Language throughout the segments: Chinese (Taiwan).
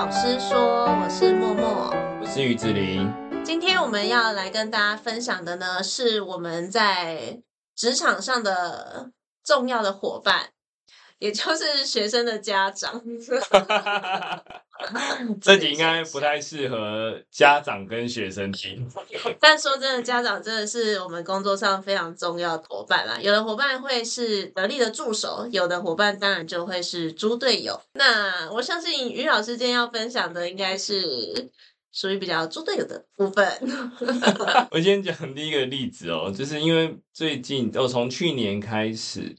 老師說：“我是莫莫，我是魚子陵。今天我們要來跟大家分享的呢，是我們在職場上的重要的伙伴，也就是學生的家長。 ” 這集 應該不太適合家長跟學生聽。 但說真的，家長真的是我們工作上非常重要的伙伴啦。有的伙伴會是得力的助手，有的伙伴當然就會是豬隊友。那我相信魚老師今天要分享的，應該是屬於比較豬隊友的部分。 我先講第一個例子哦，就是因為最近我從、哦、去年開始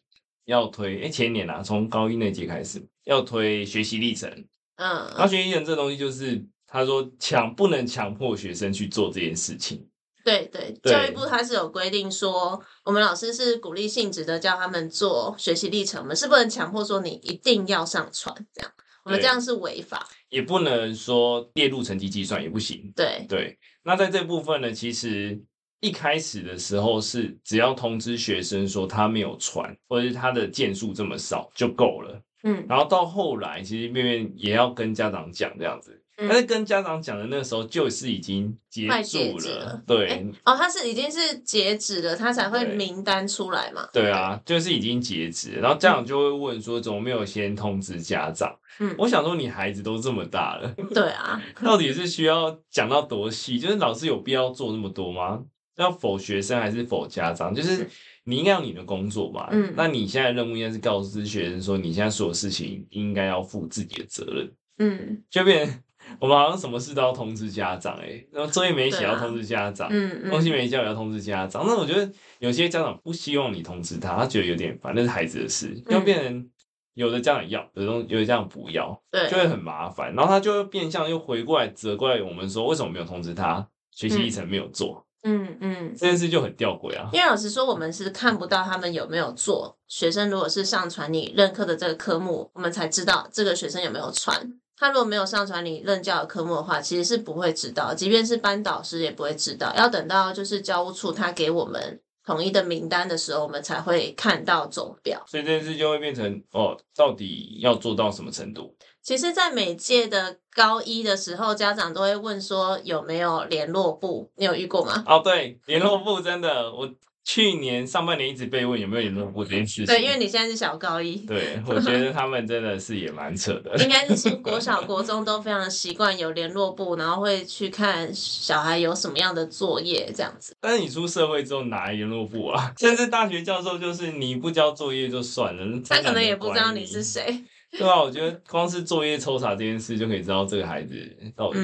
要推，誒、欸、前年啦、啊，從高一那節開始要推學習歷程。嗯，那學習人這個東西就是，他說強不能強迫學生去做這件事情。對對，對對教育部他是有規定說，我們老師是鼓勵性質的叫他們做學習歷程，我們是不能強迫說你一定要上傳，這樣對我們這樣是違法。也不能說列入成績計算也不行。對對，那在這部分呢，其實一開始的時候是只要通知學生說他沒有傳，或者是他的件數這麼少就夠了。嗯，然後到後來，其實面面也要跟家長講這樣子，嗯、但是跟家長講的那個時候就是已經結束了，了對哦，他是已經是截止了，他才會名單出來嘛？對啊，就是已經截止，然後家長就會問說，嗯、怎麼沒有先通知家長？嗯，我想說你孩子都這麼大了，對啊、嗯，到底是需要講到多細？就是老師有必要做那麼多嗎？要否學生還是否家長？就是。你應該要你的工作吧。嗯，那你現在任務應該是告知學生說，你現在所有事情應該要負自己的責任，嗯,就變我們好像什麼事都要通知家長、欸，誒然後作業沒寫要通知家長，嗯，東西沒交也要通知家長，那、嗯、我覺得有些家長不希望你通知他，他覺得有點煩，那是孩子的事，要、嗯、變成有的家長要，有的東，有的家長不要，對，就會很麻煩，然後他就會變相又回過來責怪我們說，為什麼沒有通知他，學習歷程沒有做。嗯嗯嗯，嗯這件事就很吊詭啊。因為老實說，我們是看不到他們有沒有做。學生如果是上傳你任課的這個科目，我們才知道這個學生有沒有傳。他如果沒有上傳你任教的科目的話，其實是不會知道，即便是班導師也不會知道。要等到就是教務處他給我們統一的名單的時候，我們才會看到總表。所以這件事就會變成哦，到底要做到什麼程度？其實，在每屆的高一的時候，家長都會問說有沒有聯絡簿，你有遇過嗎？哦，對，聯絡簿真的，我去年上半年一直被問有沒有聯絡簿這件事情。對，因為你現在是小高一。對，我覺得他們真的是也蠻扯的。 應該是從國小、國中都非常習慣有聯絡簿，然後會去看小孩有什麼樣的作業這樣子。但是你出社會之後，哪來聯絡簿啊？現在大學教授就是你不交作業就算了，他可能也不知道你是誰。 對啊，我覺得光是作業抽查這件事就可以知道這個孩子到底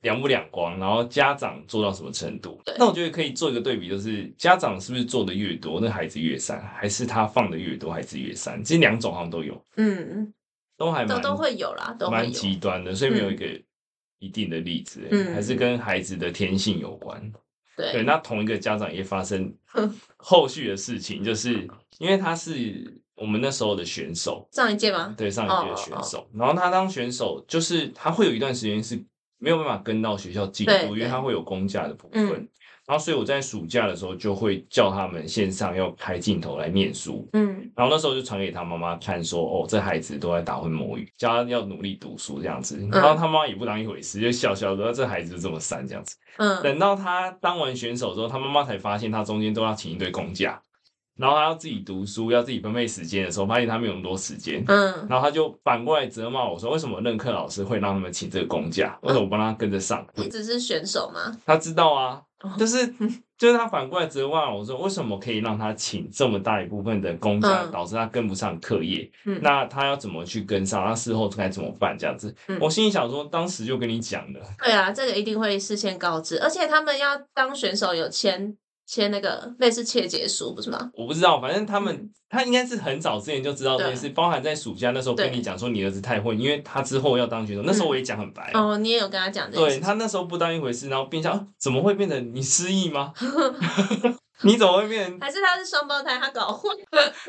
兩不兩光，嗯、然後家長做到什麼程度。對那我覺得可以做一個對比，就是家長是不是做得越多，那孩子越散，還是他放的越多，孩子越散？其實兩種好像都有，嗯，都還蠻都都會有啦，都蠻極端的，所以沒有一個一定的例子，嗯、還是跟孩子的天性有關。嗯、對，對，那同一個家長也發生後續的事情，就是因為他是。我們那時候的選手，上一屆嗎？對，上一屆的選手。Oh, oh, oh. 然後他當選手，就是他會有一段時間是沒有辦法跟到學校進度，對因為他會有公假的部分。嗯。然後所以我在暑假的時候就會叫他們線上要開鏡頭來念書。嗯。然後那時候就傳給他媽媽看，說：“哦，這孩子都在打混摸魚，叫他要努力讀書這樣子。”然後他媽媽也不當一回事，就笑笑說：“這孩子這麼散這樣子。”嗯。等到他當完選手之後，他媽媽才發現他中間都要請一堆公假。然後他要自己讀書，要自己分配時間的時候，發現他沒有那麼多時間。嗯，然後他就反過來責罵我說：“為什麼任課老師會讓他們請這個公假？嗯、為什麼我幫他跟着上？”嗯、只是選手嗎？他知道啊，就是、哦、就是他反過來責罵我說：“為什麼可以讓他請這麼大一部分的公假，嗯、導致他跟不上課業？嗯、那他要怎麼去跟上？他事後該怎麼辦？這樣子，嗯、我心裡想說，當時就跟你講了、嗯。對啊，這個一定會事先告知，而且他們要當選手有簽。”簽那個類似切結書不是嗎？我不知道，反正他們、嗯、他應該是很早之前就知道這件事，嗯、包含在暑假那時候跟你講說你兒子太會對因為他之後要當選手。嗯、那時候我也講很白哦，你也有跟他講，對他那時候不當一回事，然後變相、啊、怎麼會變成你失憶嗎？ 你怎麼會變成？還是他是雙胞胎，他搞混？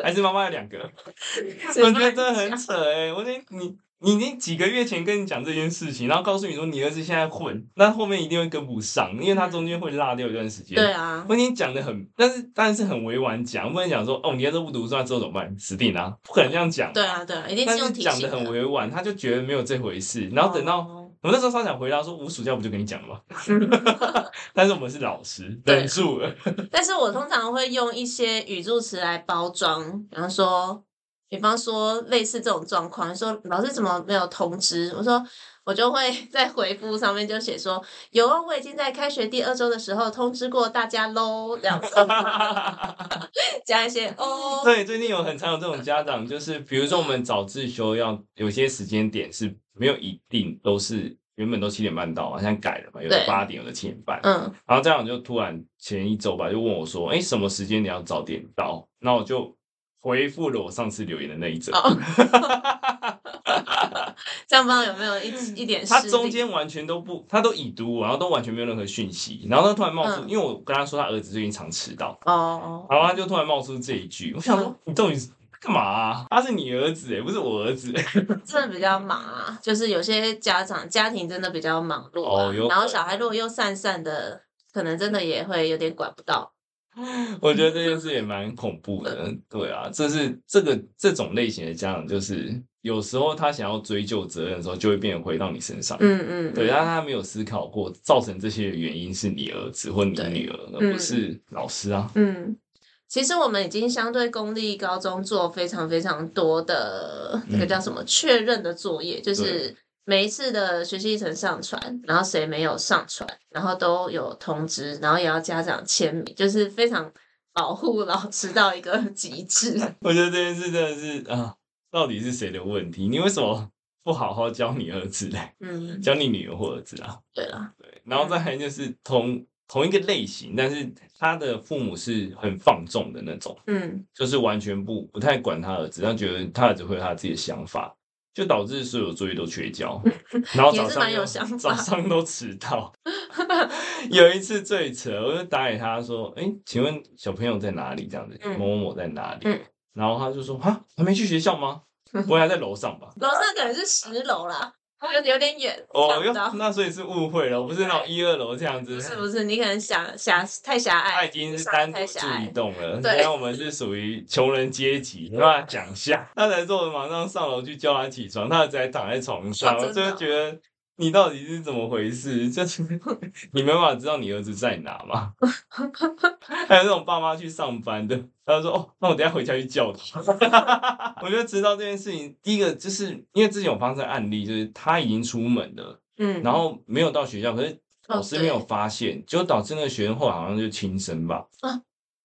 還是媽媽有兩個？ 我覺得真的很扯哎，我覺得你。你你幾個月前跟你講這件事情，然後告訴你說你兒子現在混，那後面一定會跟不上，因為他中間會落掉一段時間。嗯、對啊，我已經講的很，但是但是很委婉講，不能講說哦，你兒子不讀書，那之後怎麼辦？死定了，啊，不可能這樣講。對啊，對啊，一定是用的是講的很委婉，他就覺得沒有這回事。然後等到、哦、我那時候稍想回答說，我暑假不就跟你講了嗎？ 但是我們是老師，對忍住了。 但是我通常會用一些語助詞來包裝，然後說。比方說，類似這種狀況，說老師怎麼沒有通知？我說我就會在回覆上面就寫說，有啊、哦，我已經在開學第二周的時候通知過大家嘍，這樣子， 加一些哦。對，最近有很常有這種家長，就是比如說我們早自修要有些時間點是沒有一定，都是原本都七點半到好像改了嘛，有的八點，對有的七點半，嗯，然後家長就突然前一周吧，就問我說，哎，什麼時間你要早點到？那我就。回覆了我上次留言的那一則，oh, okay. 這樣不知道有沒有一一點事。他中間完全都不，他都已讀，然後都完全沒有任何訊息，然後他突然冒出，嗯、因為我跟他說他兒子最近常遲到，哦，oh, oh, oh. 然後他就突然冒出這一句，我想,想說麼你到底幹嘛、啊？他是你兒子哎、欸，不是我兒子。真的比較忙啊，就是有些家長家庭真的比較忙碌、oh, 有然後小孩如果又散散的，可能真的也會有點管不到。 我覺得這件事也蠻恐怖的，嗯、對啊，這是這個這種類型的家長，就是有時候他想要追究責任的時候，就會變回到你身上，嗯嗯，嗯對，但他沒有思考過，造成這些原因是你兒子或你女兒，對而不是老師啊，嗯。嗯，其實我們已經相對公立高中做非常非常多的那、嗯、個叫什麼確認的作業，就是。每一次的學習歷程上傳，然後誰沒有上傳，然後都有通知，然後也要家長簽名，就是非常保護老師到一個極致。我覺得這件事真的是啊，到底是誰的問題？你為什麼不好好教你兒子嘞？嗯，教你女兒或兒子啊？對啦了。對。然後再還有就是同、嗯、同一個類型，但是他的父母是很放縱的那種，嗯，就是完全不不太管他兒子，他覺得他兒子會有他自己的想法。就導致所有作業都缺交， 然後早上早上都遲到。 有一次最扯，我就打給他說：“哎、欸，請問小朋友在哪裡？”這樣子，某某某在哪裡？嗯、然後他就說：“哈，還沒去學校嗎？不會、嗯、哼還在樓上吧？樓上可能是十樓啦。”有有點遠哦、oh, 到呃，那所以是誤會了，我不是那種一二樓這樣子，是不是？你可能想想太狹隘，他已經是單獨住一棟了。對，因為我們是屬於窮人階級，對吧？講下，他才說我馬上上樓去叫他起床，他還在躺在床上，我就覺得。你到底是怎麼回事？這你沒辦法知道你兒子在哪嗎？ 還有那種爸媽去上班的，他說：“哦，那我等一下回家去叫他。 ” 我就知道這件事情，第一個就是因為之前有發生案例，就是他已經出門了，嗯，然後沒有到學校，可是老師沒有發現，就、哦、導致那個學生後來好像就輕生吧。啊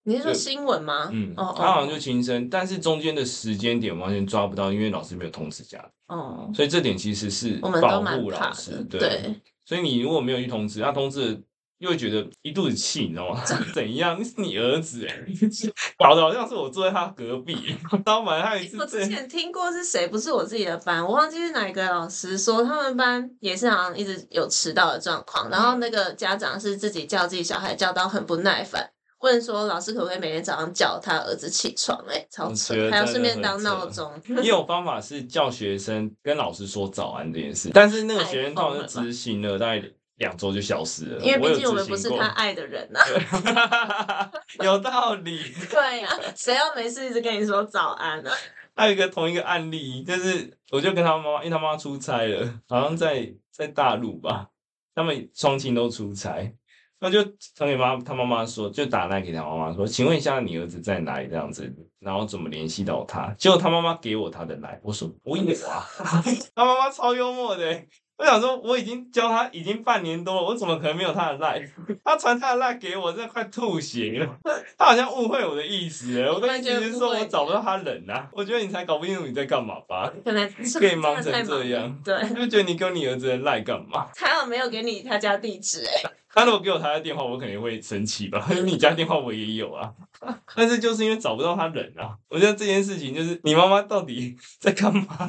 你是說新聞嗎？嗯，oh, oh. 他好像就親生，但是中間的時間點完全抓不到，因為老師沒有通知家長。哦，oh. 所以這點其實是我們保護老師，對。對所以你如果沒有去通知，他通知又會覺得一肚子氣，你知道嗎？ 怎樣？你是你兒子誒，搞得好像是我坐在他隔壁，當 我之前聽過是誰，不是我自己的班，我忘記是哪個老師說他們班也是好像一直有遲到的狀況，嗯、然後那個家長是自己叫自己小孩叫到很不耐煩。問說老師可不可以每天早上叫他兒子起床，欸？哎，超扯還要順便當鬧鐘。你有方法是叫學生跟老師說早安這件事， 但是那個學生倒是執行了，大概兩周就消失了。因為畢竟我們不是他愛的人吶，啊。 有道理。 對呀，啊，誰要沒事一直跟你說早安呢，啊？還有一個同一個案例，就是我就跟他媽媽，因為他媽媽出差了，好像在在大陸吧，他們雙親都出差，那就他給媽，他媽媽說，就打來給他媽媽說，請問一下你兒子在哪裡？這樣子，然後怎麼聯繫到他？結果他媽媽給我他的來，我說我有啊， 他媽媽超幽默的。我想說，我已經教他已經半年多了，我怎麼可能沒有他的 Line？他傳他的 Line 給我，真的快吐血了。他好像誤會我的意思了。我都直接說我找不到他人吶、啊。我覺得你才搞不清楚你在幹嘛吧？可能是可以忙成這樣，對？就覺得你跟你兒子的 Line 幹嘛？他有沒有給你他家地址哎、欸。他如果給我他的電話，我肯定會生氣吧？ 你家電話我也有啊。 但是就是因為找不到他人啊，我覺得這件事情就是你媽媽到底在幹嘛？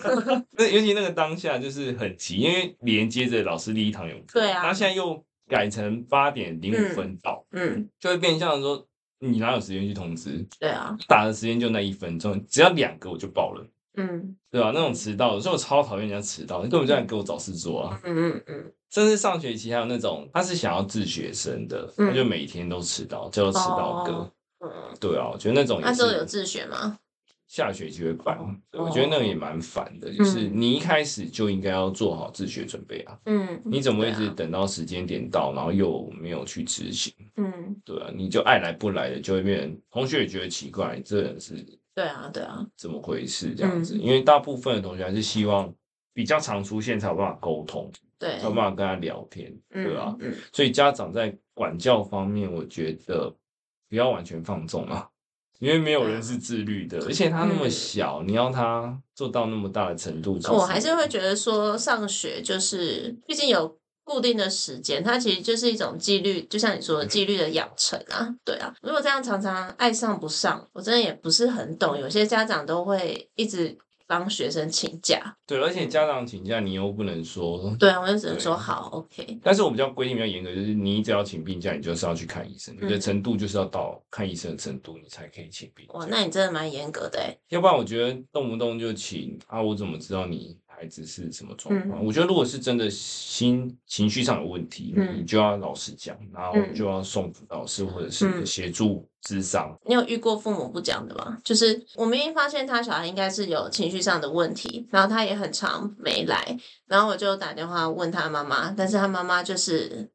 那 尤其那個當下就是很急，因為連接着老師第一堂泳課，對啊，他現在又改成八點零五分到，嗯，就會變相說你哪有時間去通知？對啊，打的時間就那一分鐘，只要兩個我就爆了，嗯，對啊，那種遲到，所以我超討厭人家遲到，你根本就想給我找事做啊！嗯嗯嗯，甚至上學期還有那種他是想要自學生的，他就每天都遲到，叫做遲到哥。嗯，對啊，我覺得那種那時候有自學嗎？下學期會辦，我覺得那個也蠻煩的，就是你一開始就應該要做好自學準備啊。嗯，你怎麼一直等到時間點到，然後又沒有去執行？嗯，對啊，你就愛來不來的，就會變成同學也覺得奇怪，這人是，對啊，對啊，怎麼回事？這樣子，因為大部分的同學還是希望比較常出現，才有辦法溝通，對，才有辦法跟他聊天，對啊，嗯，所以家長在管教方面，我覺得。不要完全放縱啊，因為沒有人是自律的，嗯、而且他那麼小，嗯、你要他做到那麼大的程度、就是，我還是會覺得說，上學就是畢竟有固定的時間，它其實就是一種紀律，就像你說的紀律的養成啊，嗯、對啊。如果這樣常常愛上不上，我真的也不是很懂，有些家長都會一直。幫學生請假，對，而且家長請假，你又不能說，嗯、對啊，我就只能說好，OK。對嗯、但是我們家規定比較嚴格，就是你只要請病假，你就是要去看醫生，嗯、你的程度就是要到看醫生的程度，你才可以請病假。哇，那你真的蠻嚴格的，欸，要不然我覺得動不動就請啊，我怎麼知道你？孩子是什麼狀況？嗯、我覺得如果是真的心情緒上有問題，嗯、你就要老實講，然後就要送輔導老師或者是協助諮商。嗯嗯。你有遇過父母不講的嗎？就是我明明發現他小孩應該是有情緒上的問題，然後他也很常沒來，然後我就打電話問他媽媽，但是他媽媽就是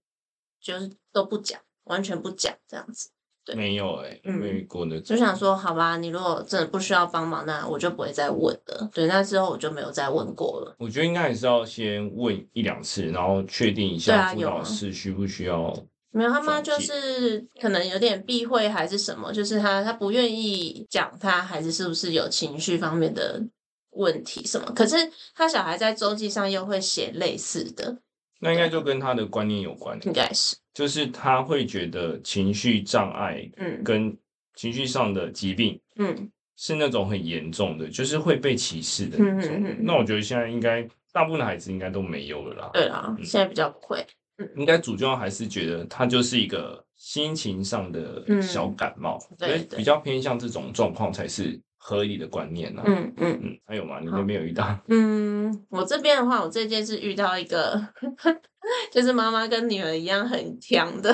就是都不講，完全不講這樣子。對沒有哎、欸，有沒有過那，嗯，就想說好吧，你如果真的不需要幫忙，那我就不會再問了。對，那之後我就沒有再問過了。我覺得應該還是要先問一兩次，然後確定一下輔導師，啊，需不需要。沒有，他媽就是可能有點避諱還是什麼，就是他他不願意講他孩子是，是不是有情緒方面的問題什麼，可是他小孩在週記上又會寫類似的。對那應該就跟他的觀念有關，欸，應該是。就是他會覺得情緒障礙，嗯，跟情緒上的疾病，嗯，是那種很嚴重的，嗯、就是會被歧視的那。嗯嗯嗯、那我覺得現在應該大部分的孩子應該都沒有了啦。對啦，嗯、現在比較不會。嗯、應該主要還是覺得他就是一個心情上的小感冒，嗯、對對，所以比較偏向這種狀況才是。合理的觀念呢？啊，嗯？嗯嗯嗯，還有嗎？你們沒有遇到？嗯，我這邊的話，我最近是遇到一個，呵呵，就是媽媽跟女兒一樣很強的，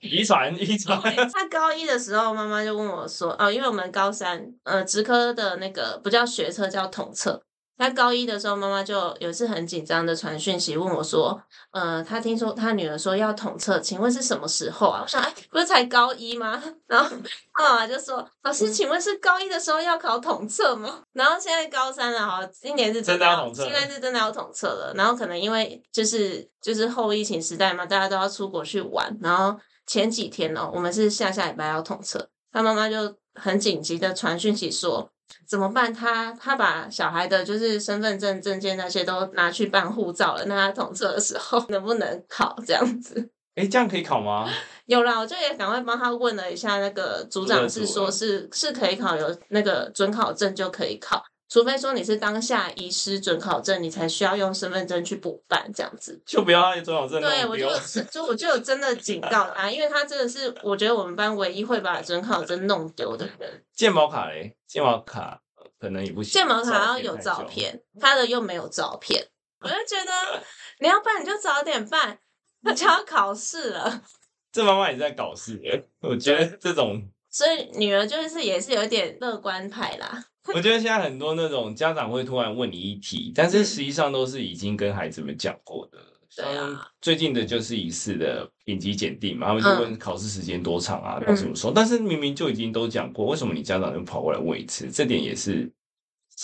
遺傳遺傳。在、okay. 高一的時候，媽媽就問我說啊、哦，因為我們高三，呃，職科的那個不叫學測，叫統測。她高一的時候，媽媽就有一次很緊張的傳訊息問我說：“呃，她聽說她女兒說要統測，請問是什麼時候啊？”我想：“哎，不是才高一嗎？”然後她媽媽 就說：“老師，請問是高一的時候要考統測嗎？”然後現在高三了哈，今年，了今年是真的要統測，現在是真的要統測了。然後可能因為就是就是後疫情時代嘛，大家都要出國去玩。然後前幾天哦、喔，我們是下下禮拜要統測，她媽媽就很緊急的傳訊息說，怎麼辦？他他把小孩的，就是身份證證件那些都拿去辦護照了。那他統測的時候能不能考這樣子？誒，這樣可以考嗎？有啦，我就也趕快幫他問了一下那個組長，是說是是可以考，有那個准考證就可以考。除非說你是當下遺失准考證，你才需要用身份證去補辦這樣子，就不要准考證弄丟了。對我就就我就真的警告他， 因為他真的是我覺得我們班唯一會把准考證弄丟的人健。健保卡嘞，健保卡可能也不行。健保卡要有照片，他的又沒有照片， 我就覺得你要辦你就早點辦，他就要考試了。這媽媽也在搞事耶！我覺得這種。所以女兒就是也是有點樂觀派啦。我覺得現在很多那種家長會突然問你一題，但是實際上都是已經跟孩子們講過的。對呀，最近的就是一次的影集檢定嘛，他們就問考試時間多長啊，要、嗯、怎麼說？但是明明就已經都講過，為什麼你家長又跑過來問一次？這點也是。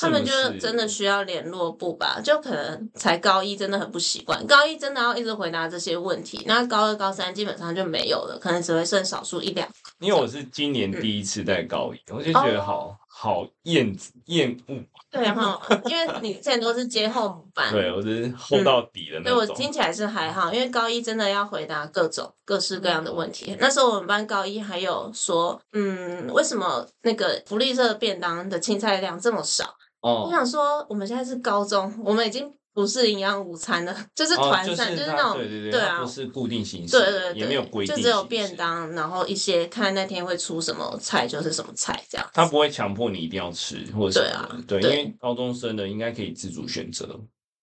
他們就是真的需要聯絡簿吧？就可能才高一，真的很不習慣。高一真的要一直回答這些問題，那高二、高三基本上就沒有了，可能只會剩少數一兩個。因為我是今年第一次在高一，嗯、我就覺得好、哦、好厭厭惡。對，然後因為你現在都是接後母班，對我是 hold 到底的那種、嗯。對我聽起來是還好，因為高一真的要回答各種各式各樣的問題。那時候我們班高一還有說，嗯，為什麼那個福利社便當的青菜量這麼少？Oh, 我想說，我們現在是高中，我們已經不是營養午餐了，就是團餐，oh, 就，是就是那種對，對，對，對啊，不是固定形式，對對對對也沒有規定，就只有便當，然後一些看那天會出什麼菜就是什麼菜這樣。他不會強迫你一定要吃，或者對啊，對，對因為高中生的應該可以自主選擇。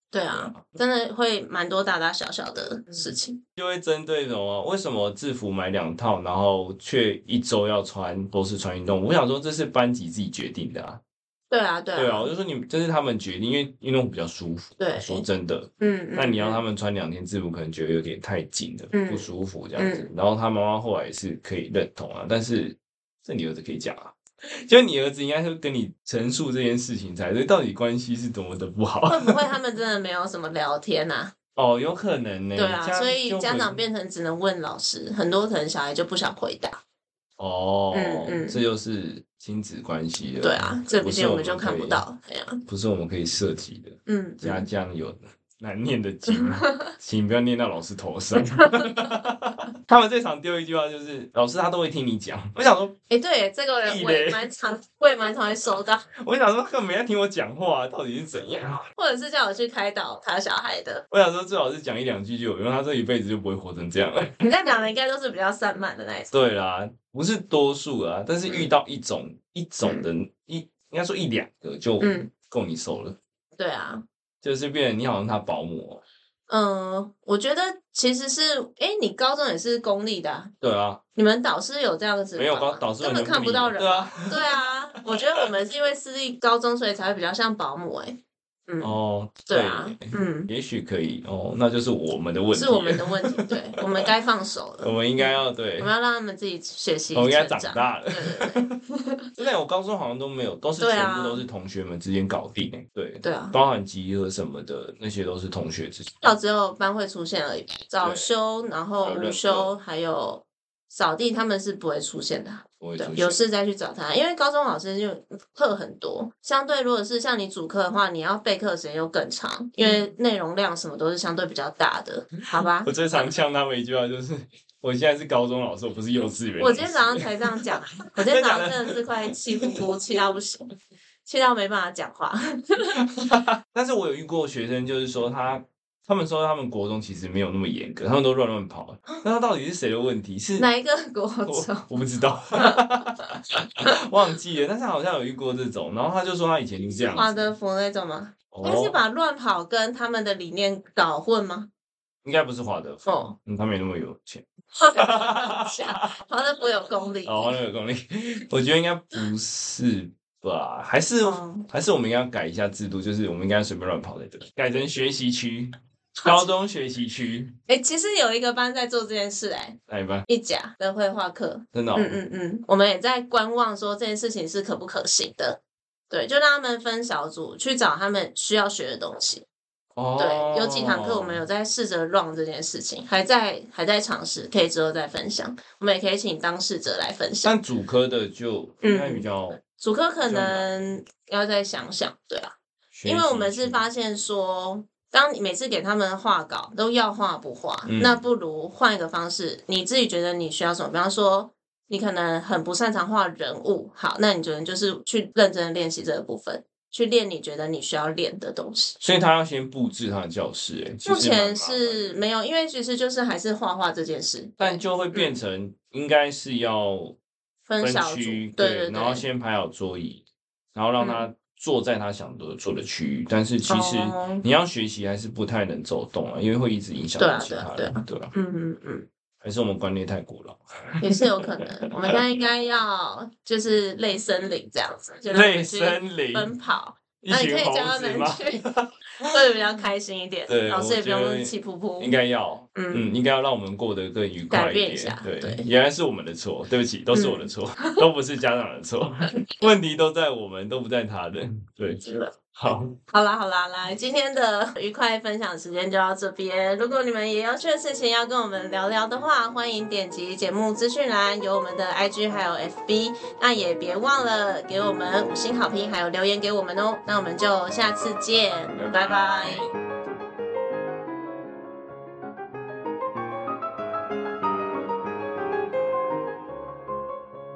對啊，對啊真的會蠻多大大小小的事情，就會針對什麼，為什麼制服買兩套，然後卻一周要穿都是穿運動？我想說這是班級自己決定的啊。對啊，對。啊，我就說你這是他們決定，因為運動比較舒服。對。說真的，嗯，那你讓他們穿兩天制服，可能覺得有點太緊了，不舒服這樣子。然後他媽媽後來也是可以認同啊，但是這你兒子可以講啊，就你兒子應該會跟你陳述這件事情才是，到底關係是怎麼的不好？會不會他們真的沒有什麼聊天吶？哦，有可能呢。對啊，所以家長變成只能問老師，很多可能小孩就不想回答。哦，這就是。親子關係的，對啊，這不邊我們就看不到，哎呀，不是我們可以涉及、啊、的嗯，嗯，家家有的難念的經，請不要念到老師頭上。 他們最常丟一句話就是：“老師他都會聽你講。”我想說，哎，欸、對，這個人我蠻常，雷常，我也蠻常會收到。我想說，他們每天聽我講話、啊，到底是怎樣？或者是叫我去開導他小孩的？我想說，最好是講一兩句就有用，因為他這一輩子就不會活成這樣了。你在講的應該都是比較散漫的那種。對啦，不是多數啊，但是遇到一種、嗯、一,一種人，一應該說一兩個就夠你受了、嗯。對啊。就是變，你好像他保姆。嗯，我覺得其實是，哎、欸，你高中也是公立的，啊。對啊。你們導師有這樣子嗎？沒有啊，導師根本看不到人。對啊。對啊，我覺得我們是因為私立高中，所以才會比較像保姆哎。哦，對，對啊，嗯，也許可以哦，那就是我們的問題，是我們的問題，對， 我們該放手了，我們應該要對，我們要讓他們自己學習，我們應該長大了。對，對對，現在 我高中好像都沒有，都是全部都是同學們之間搞定，對對啊，包含集合什麼的那些都是同學之間，對啊、到只有班會出現而已，早修，然後午休，對還有掃地，他們是不會出現的。我有事再去找他，因為高中老師就課很多，相對如果是像你主課的話，你要備課的時間又更長，嗯、因為內容量什麼都是相對比較大的，好吧？我最常嗆他們一句話就是：我現在是高中老師，我不是幼稚園。我今天早上才這樣講， 我今天早上真的是快氣呼呼， 氣到不行，氣到沒辦法講話。 但是，我有遇過學生，就是說他。他們說他們國中其實沒有那麼嚴格，他們都亂亂跑。那他到底是誰的問題？是哪一個國中？國我不知道， 忘記了。但是好像有遇過這種，然後他就說他以前就是這樣。華德福那種嗎？他、oh, 是把亂跑跟他們的理念搞混嗎？應該不是華德福、oh. 嗯，他沒那麼有錢。華德福有公立哦，有公立。我覺得應該不是吧？還是、oh. 還是我們應該改一下制度，就是我們應該隨便亂跑在這個、改成學習區。高中學習區，哎、欸，其實有一個班在做這件事、欸，哎吧，一班？一甲的繪畫課，真的，嗯嗯嗯，我們也在觀望，說這件事情是可不可行的，對，就讓他們分小組去找他們需要學的東西，哦，對，有幾堂課我們有在試着讓這件事情，還在還在嘗試，可以之後再分享，我們也可以請當事者來分享。但主科的就應該比較嗯嗯，主科可能要再想想，對啊，因為我們是發現說。當你每次給他們畫稿都要畫不畫，嗯、那不如換一個方式。你自己覺得你需要什麼？比方說，你可能很不擅長畫人物，好，那你覺得你就是去認真練習這個部分，去練你覺得你需要練的東西。所以他要先布置他的教室、欸，哎，目前是沒有，因為其實就是還是畫畫這件事。但就會變成應該是要分、嗯、分小組，對對，對，對，對，然後先排好桌椅，然後讓他、嗯。坐在他想的坐的區域，但是其實你要學習還是不太能走動啊，oh, okay. 因為會一直影響到其他人，對吧、啊啊啊啊嗯？嗯嗯嗯，還是我們觀念太古老，也是有可能。 我們現在應該要就是類森林這樣子，就類森林奔跑，以起他死去。會比較開心一點，對，老師也不用氣噗噗，應該要，嗯，嗯應該要讓我們過得更愉快一點，改變一下，對，對，對，原來是我們的錯，對不起，都是我的錯，嗯、都不是家長的錯， 問題都在我們，都不在他的，對，好，好啦，好啦，來今天的愉快分享時間就到這邊。如果你們也有趣的事情要跟我們聊聊的話，歡迎點擊節目資訊欄，有我們的 IG 還有 FB。那也別忘了給我們五星好評，還有留言給我們哦、喔。那我們就下次見，拜拜。